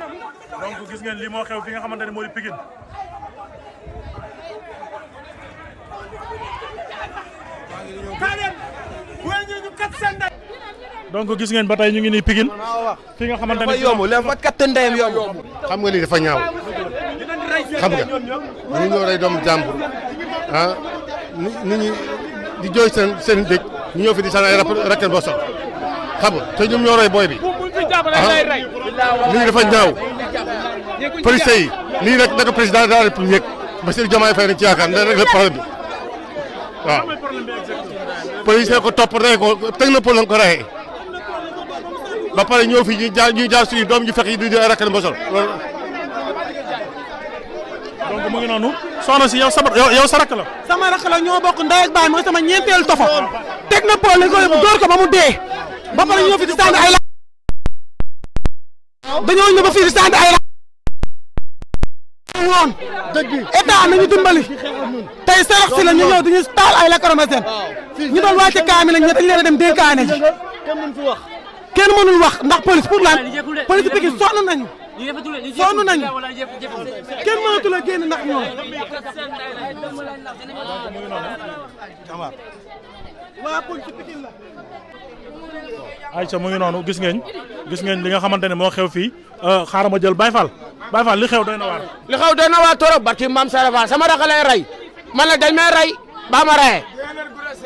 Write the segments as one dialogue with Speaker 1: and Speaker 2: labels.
Speaker 1: donc
Speaker 2: gis ngeen lii moo xew fi nga xamante ne moo di gis ngeen ba tey ñu ngi nii Pikine fi nga xamante ne yomb leen fa katt ndeyam yomb xam nga lii dafa ñaaw xam nga ñu ñoo rey doomu jàmbur ah nit ñi seen seen dëkk ñu ñëw fi di saan ay rakkeen boo xam nga te ñoom ñoo rey booy bi lii dafa ñaaw police yi lii rek naka président de la république Bassirou Diomaye Faye rek ci yaakaar na rek la problème bi waaw police ko topp rey ko teg na ko rey ba pare ñëw fii ñu jaar ñu jaar suñu doom ñu yi di sol donc mu ngi noonu soxna si yow sa yow la sama rakk la ñoo bokk ndey ak baay mooy sama ñeenteel tofa teg na pol lañ ko yóbbu ko ba mu dee ba pare ñëw fi di sànni ay دانيو نيبا في ستاند اي وون دغي اتا ناني ديمبالي تاي سارخ سي لا ني نيو دانيو ستال اي لا كرمازين ني دون واتي كامل ني دانيو دم دينكاني كين مون في واخ كين مون واخ ندخ بوليس بوبلان بوليس بيكي سون ناني sonn nañu kenn mënatu la génn ndax ñoom. mu ngi noonu gis ngeen gis ngeen li nga xamante ne moo xew fii euh, xaaral ma jël Baye Fall Baye Fall li xew doy na waar. li xew doy na waar torop barki maam Sara Fall sama rakk rey man la dañ may rey ba ma reyee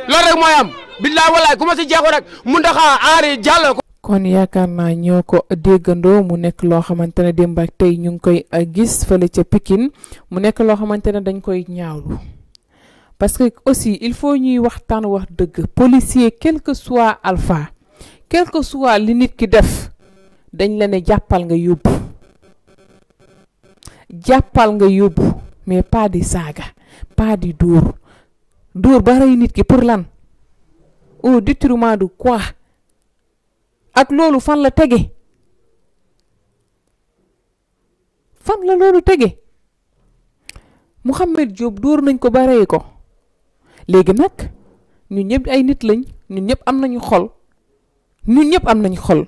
Speaker 2: loolu rek mooy am billaay walaay si jeexu rek mun taxaa aari jàll kon yaakaar naa ñoo ko déggandoo mu nekk loo xamante ne démb ak tey ñu ngi koy euh, gis fële ca pikin mu nekk loo xamante ne dañ koy ñaawlu parce que aussi il faut ñuy waxtaan wax dëgg policier quel que soit alpha quel que soit li nit ki def dañ la ne jàppal nga yóbbu jàppal nga yóbbu mais pas di saaga pas di dóor dóor ba nit ki pour lan au détriment de quoi ak loolu fan la tege fan la loolu tege Mouhamed Diop dóor nañ ko ba rey ko léegi nag ñun ñëpp ay nit lañ ñun ñëpp am nañu xol ñun ñëpp am nañu xol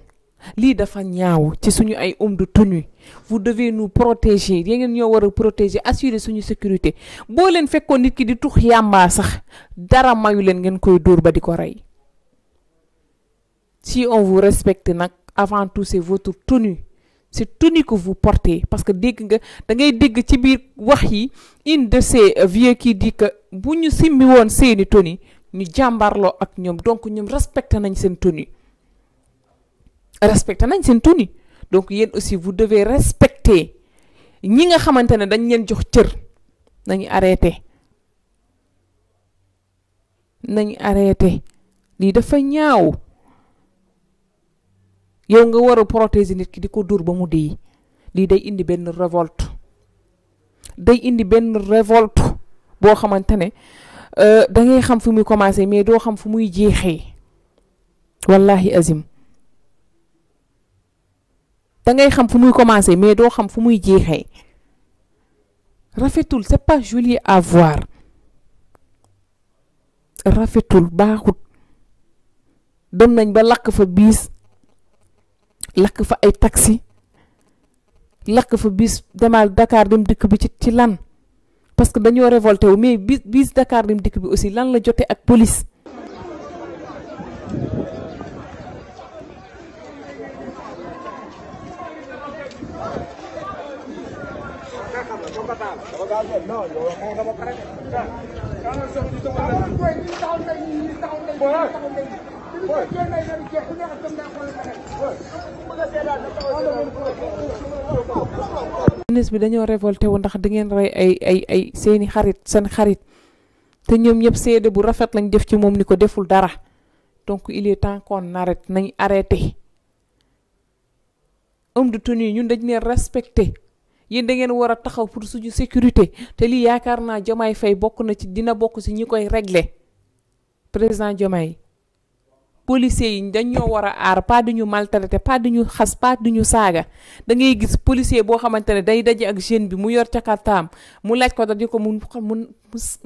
Speaker 2: lii dafa ñaaw ci suñu ay homme de tenue vous devez nous protéger yee ngeen ñoo war a protéger assurer suñu sécurité boo leen fekkoon nit ki di tux yàmbaa sax dara mayu leen ngeen koy dóor ba di ko rey si on vous respecte avant tout c'est votre tenue c'est tenue que vous portez parce que vous nga da ngay ci une de ces vieux qui dit que si ñu won seeni tenue ñu ak donc nañ tenue tenue donc vous devez respecter ñi nga xamantene dañ leen jox cër yow nga war a protéger nit ki di ko dur ba mu di lii day indi ben révolte day indi ben révolte boo xamante ne euh, da ngay xam fu muy commencé mais doo xam fu muy jeexee wallahi azim da ngay xam fu muy commencé mais doo xam fu muy jeexee rafetul c'est pas joli à voir rafetul baaxut dem nañ ba lakk fa biis lakk fa ay taksi lakk fa bis demal Dakar dem dikk bi ci ci lan parce que dañoo révolté wu mais bis bis Dakar dem dikk bi aussi lan la jote ak police jeunesse bi dañoo révolté wu ndax di ngeen rey ay ay ay seeni xarit seen xarit te ñoom ñëpp seede bu rafet lañ def ci moom ni ko deful dara donc il est temps qu'on arrête nañ arrêté homme de tenue ñun dañ leen respecté yéen da ngeen war a taxaw pour suñu sécurité te li yaakaar naa Diomaye fay bokk na ci dina bokk si ñi koy régler président Diomaye Polisi yi dañ ñoo war a aar pas du ñu maltraité pas du ñu xas pas du ñu saaga da ngay gis policier boo xamante ne day daje ak jeune bi mu yor ca kartaam mu laaj ko ko mu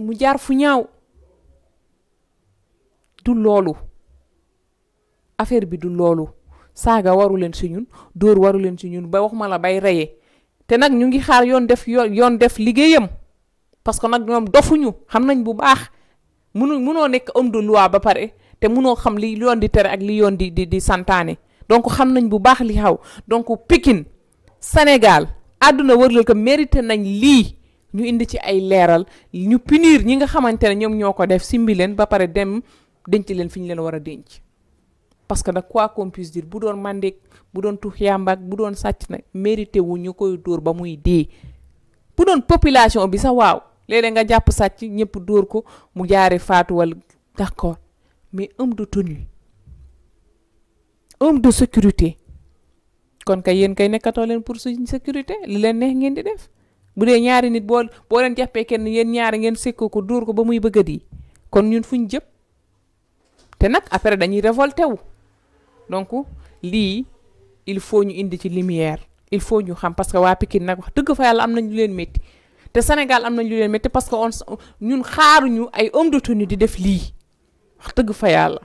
Speaker 2: mu jaar fu ñaaw du loolu affaire bi du loolu saaga waru leen si ñun dóor waru leen si ñun ba waxuma la bay reye te nag ñu ngi xaar yoon def yoon def liggéeyam parce que nag ñoom dofuñu xam nañ bu baax mënu mënoo nekk homme de loi ba pare te munoo xam li yoon di tere ak li yoon di di di santaane donc xam nañ bu baax li xaw donc Pikine Sénégal àdduna wërlal ko mérité nañ lii ñu indi ci ay leeral ñu punir ñi nga xamante ne ñoom ñoo ko def simbileen ba pare dem denc leen fi ñu leen war a denc parce que nag quoi qu'on puisse bu doon mandéeg bu doon tux yàmbaak bu doon sàcc nag mérité wu ñu koy dóor ba muy dee bu doon population bi sax waaw léeg-léeg nga jàpp sàcc ñëpp dóor ko mu jaare faatu wala d'accord mais homme de tenue homme de sécurité kon kay yeen kay nekato len pour suñ sécurité li leen neex ngeen di def bu ñaari nit bo bo len jappé kenn yeen ñaar ngeen sékko ko dur ko ba muy bëgg di kon ñun fuñ tenak té nak après dañuy révolté wu donc li il faut ñu indi ci lumière il faut ñu xam parce que wa Pikine nak wax dëgg fa yalla am nañ lu leen métti Sénégal am nañ lu leen parce que on ñun ñu ay homme de tenue di def li. wax dëgg fa yàlla